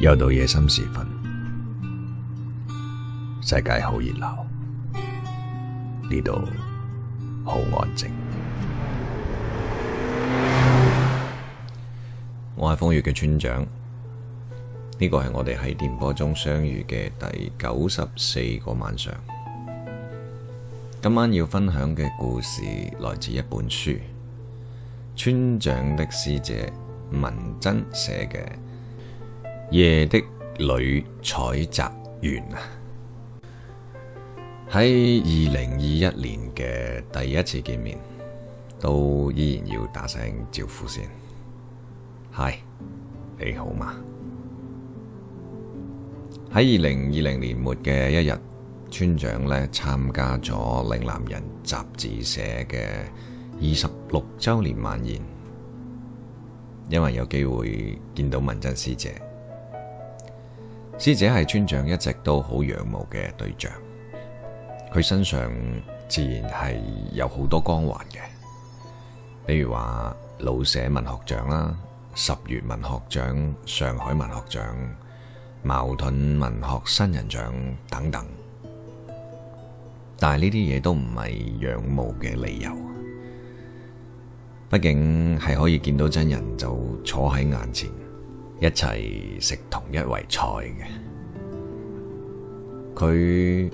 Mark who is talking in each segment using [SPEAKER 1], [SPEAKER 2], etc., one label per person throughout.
[SPEAKER 1] 又到夜深時分，世界好熱鬧，呢度好安靜。我係瘋粵嘅村長，呢個係我哋喺電波中相遇嘅第九十四個晚上。今晚要分享嘅故事來自一本書，村長的師姐文珍寫嘅。夜的女採摘員喺二零二一年嘅第一次見面，都依然要打聲招呼先。嗨，你好嘛？喺二零二零年末嘅一日，村長呢參加咗《嶺南人》雜誌社嘅二十六週年晚宴，因為有機會見到文珍師姐。師姐係村長一直都好仰慕嘅對象，佢身上自然係有好多光環嘅，比如話老舍文學獎啦、十月文學獎、上海文學獎、茅盾文學新人獎等等。但係呢啲嘢都唔係仰慕嘅理由，畢竟係可以見到真人就坐喺眼前。一齊食同一圍菜嘅，佢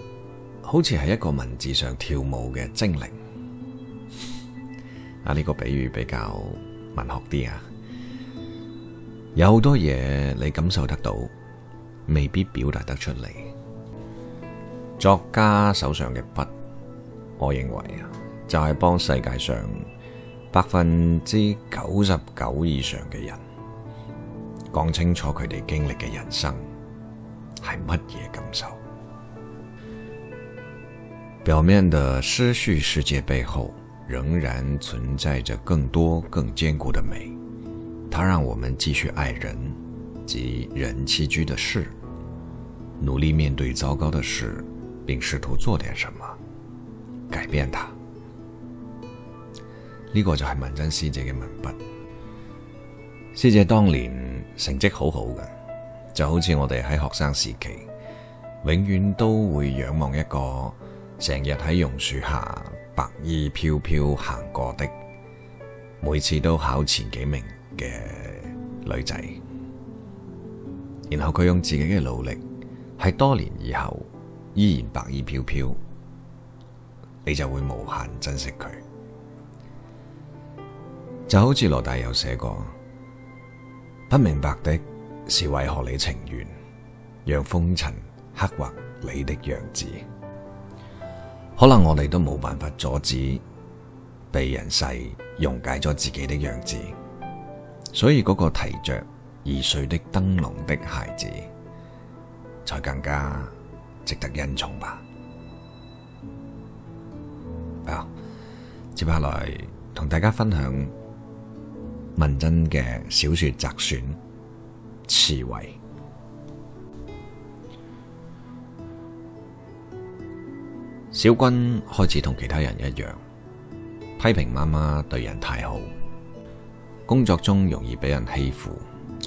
[SPEAKER 1] 好似係一個文字上跳舞嘅精靈。啊，呢個比喻比較文學啲啊。有好多嘢你感受得到，未必表達得出嚟。作家手上嘅筆，我認為啊，就係幫世界上百分之九十九以上嘅人。講清楚佢哋經歷嘅人生係乜嘢感受。表面的失序世界背後，仍然存在着更多更堅固的美。它讓我們繼續愛人及人棲居的事，努力面對糟糕的事，並試圖做點什麼改變它。呢、這個就係文珍師姐嘅文筆。師姐當年。成績好好嘅，就好似我哋喺學生時期，永遠都會仰望一個成日喺榕樹下白衣飄飄行過的，每次都考前幾名嘅女仔。然後佢用自己嘅努力，喺多年以後依然白衣飄飄，你就會無限珍惜佢。就好似羅大佑寫過。不明白的是為何你情願讓風塵刻畫你的樣子？可能我哋都冇辦法阻止被人世溶解咗自己的樣子，所以嗰個提着易碎的燈籠的孩子，才更加值得恩寵吧。好，接下來同大家分享。文珍嘅小說摘選：刺猬：筱君開始同其他人一樣，批評媽媽對人太好，工作中容易俾人欺負，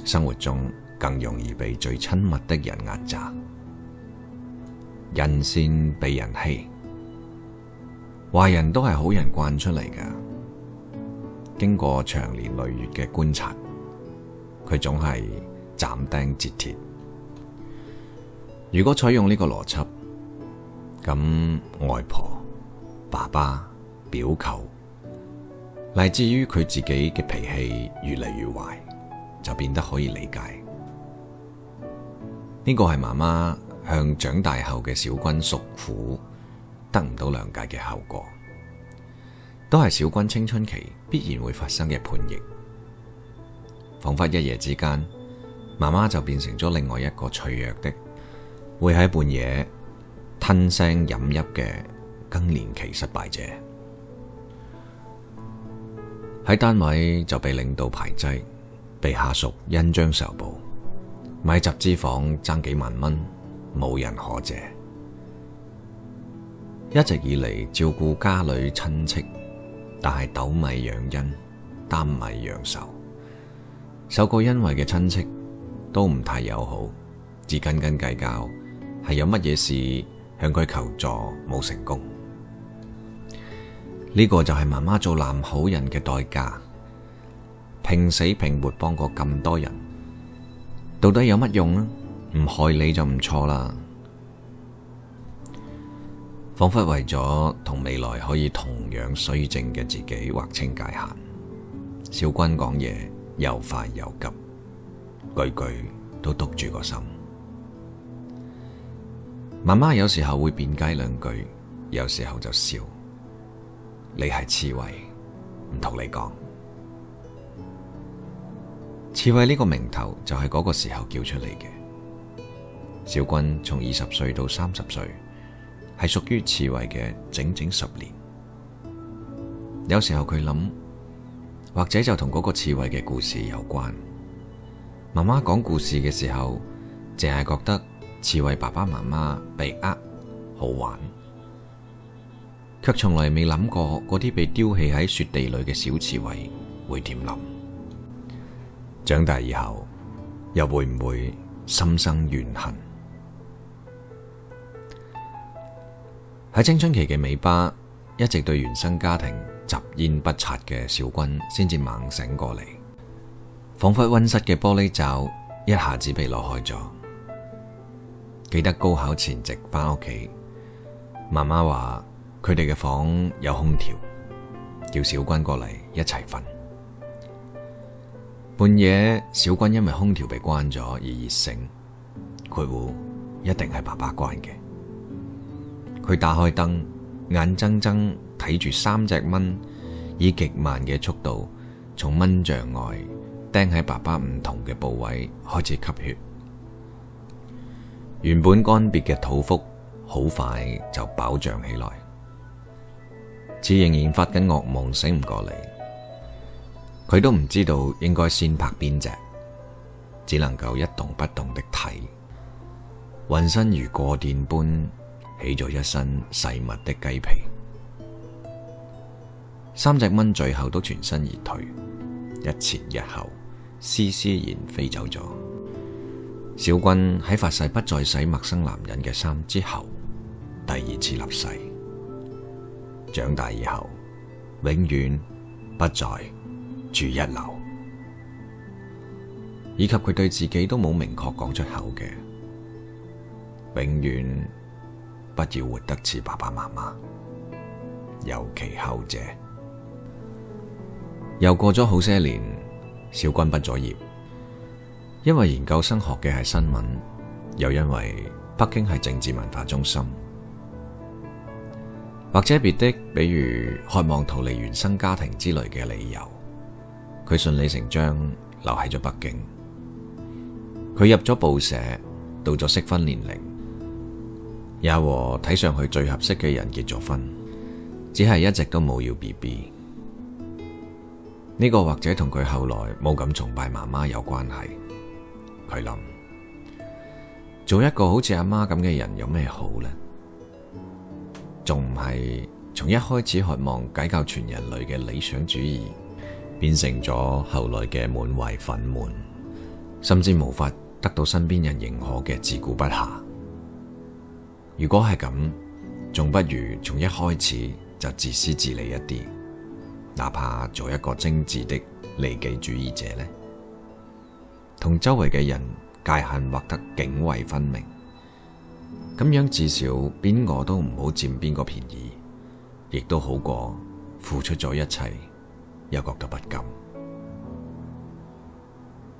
[SPEAKER 1] 生活中更容易被最親密的人壓榨，人善被人欺，壞人都係好人慣出嚟噶。經過長年累月嘅觀察，佢總係斬釘截鐵。如果採用呢個邏輯，咁外婆、爸爸、表舅，乃至於佢自己嘅脾氣越嚟越壞，就變得可以理解。呢個係媽媽向長大後嘅筱君訴苦得唔到諒解嘅後果。都係筱君青春期必然會發生嘅叛逆，仿佛一夜之間，媽媽就變成咗另外一個脆弱的，會喺半夜吞聲飲泣嘅更年期失敗者。喺單位就被領導排擠，被下屬恩將仇報，買集資房爭幾萬蚊，冇人可借，一直以嚟照顧家裏親戚。但係斗米養恩，擔米養仇。受過恩惠嘅親戚都唔太友好，只斤斤計較係有乜嘢事向佢求助冇成功。呢、呢個就係媽媽做濫好人嘅代價，拼死拼活幫過咁多人，到底有乜用啊？唔害你就唔錯啦。仿佛為咗同未來可以同樣綏靖嘅自己劃清界限，筱君講嘢又快又急，句句都篤住個心。媽媽有時候會辯解兩句，有時候就笑，你係刺蝟，唔同你講。刺蝟呢個名頭就係嗰個時候叫出嚟嘅，筱君從二十歲到三十歲，係屬於刺猬嘅整整十年，有時候佢諗，或者就同嗰個刺猬嘅故事有關。媽媽講故事嘅時候，淨係覺得刺猬爸爸媽媽被呃好玩，卻從來未諗過嗰啲被丟棄喺雪地裏嘅小刺猬會點諗。長大以後又會唔會心生怨恨？喺青春期嘅尾巴，一直對原生家庭執煙不擦嘅筱君，先至猛醒過嚟，仿佛溫室嘅玻璃罩一下子被攞開咗。記得高考前夕返屋企，媽媽話佢哋嘅房有空調，叫筱君過嚟一齊瞓。半夜筱君因為空調被關咗而熱醒，佢會一定係爸爸關嘅。佢打開燈，眼睜睜睇住三隻蚊以極慢嘅速度從蚊帳外釘喺爸爸唔同嘅部位開始吸血，原本乾癟嘅肚腹好快就飽脹起來，似仍然發緊惡夢，醒唔過嚟。佢都唔知道應該先拍邊隻，只能夠一動不動地睇，渾身如過電般。起咗一身細密的雞皮，三隻蚊最後都全身而退，一前一後，施施然飛走咗。筱君喺發誓不再洗陌生男人嘅衫之後，第二次立誓，長大以後永遠不再住一樓，以及佢對自己都冇明確講出口嘅，永遠。不要活得似爸爸媽媽，尤其後者。又過咗好些年，筱君畢咗業，因為研究生學嘅係新聞，又因為北京係政治文化中心，或者別的，比如渴望逃離原生家庭之類嘅理由，佢順理成章留喺咗北京。佢入咗報社，到咗適婚年齡。也和睇上去最合適嘅人結咗婚，只係一直都冇要 B B。呢、呢個或者同佢後來冇咁崇拜媽媽有關係。佢諗，做一個好似阿媽咁嘅人有咩好咧？仲唔係從一開始渴望解救全人類嘅理想主義，變成咗後來嘅滿懷憤懣，甚至無法得到身邊人認可嘅自顧不暇。如果係咁，仲不如從一開始就自私自利一啲，哪怕做一個精致的利己主義者呢，同周圍嘅人界限劃得涇渭分明，咁樣至少邊個都唔好佔邊個便宜，亦都好過付出咗一切又覺得不甘。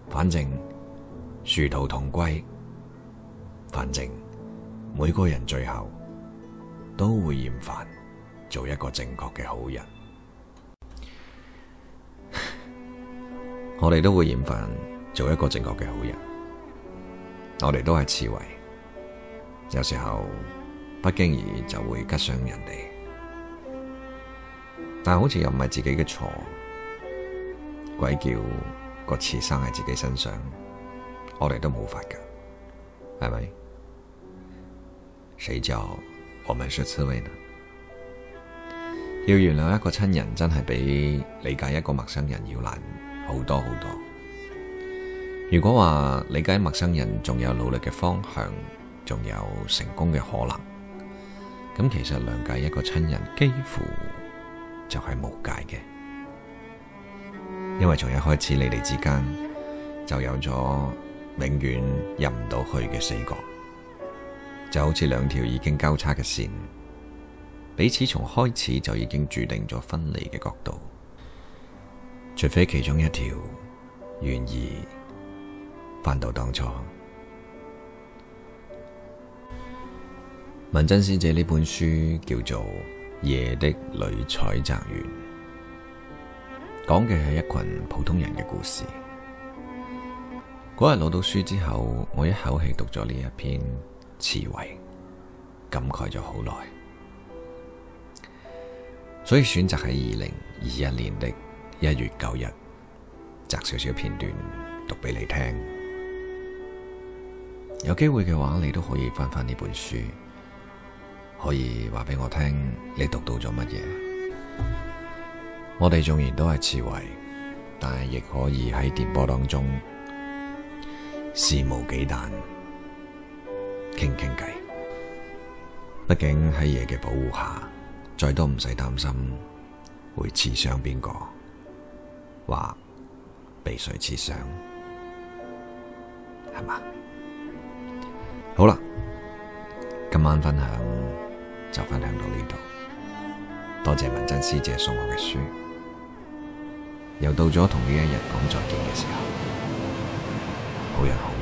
[SPEAKER 1] 反正殊途同歸，反正。每個人最後都會厭煩做一個正確嘅好， 好人，我哋都會厭煩做一個正確嘅好人。我哋都係刺猬，有時候不經意就會吉傷人哋，但係好似又唔係自己嘅錯，鬼叫個刺生喺自己身上，我哋都冇法㗎，係咪？誰叫我們是刺猬呢？要原諒一個親人，真係比理解一個陌生人要難好多好多。如果話理解陌生人仲有努力嘅方向，仲有成功嘅可能，咁其實諒解一個親人幾乎就係無解嘅，因為從一開始你哋之間就有咗永遠入唔到去嘅死角。就好似兩條已經交叉嘅線，彼此從開始就已經注定咗分離嘅角度，除非其中一條願意翻到當初。文珍師姐呢本書叫做《夜的女採摘員》，講嘅係一群普通人嘅故事。嗰日攞到書之後，我一口氣讀咗呢一篇。刺蝟感慨咗好耐，所以選擇喺二零二一年的一月九日，摘少少片段讀俾你聽。有機會嘅話，你都可以翻翻呢本書，可以話俾我聽你讀到咗乜嘢。我哋縱然都係刺蝟，但係亦可以喺電波當中肆無忌憚。傾傾偈，畢竟喺夜嘅保護下，再都唔使擔心會刺傷邊個，話被誰刺傷，係嘛？好啦，今晚分享就分享到呢度，多謝文珍師姐送我嘅書，又到咗同呢一日講再見嘅時候，好人好。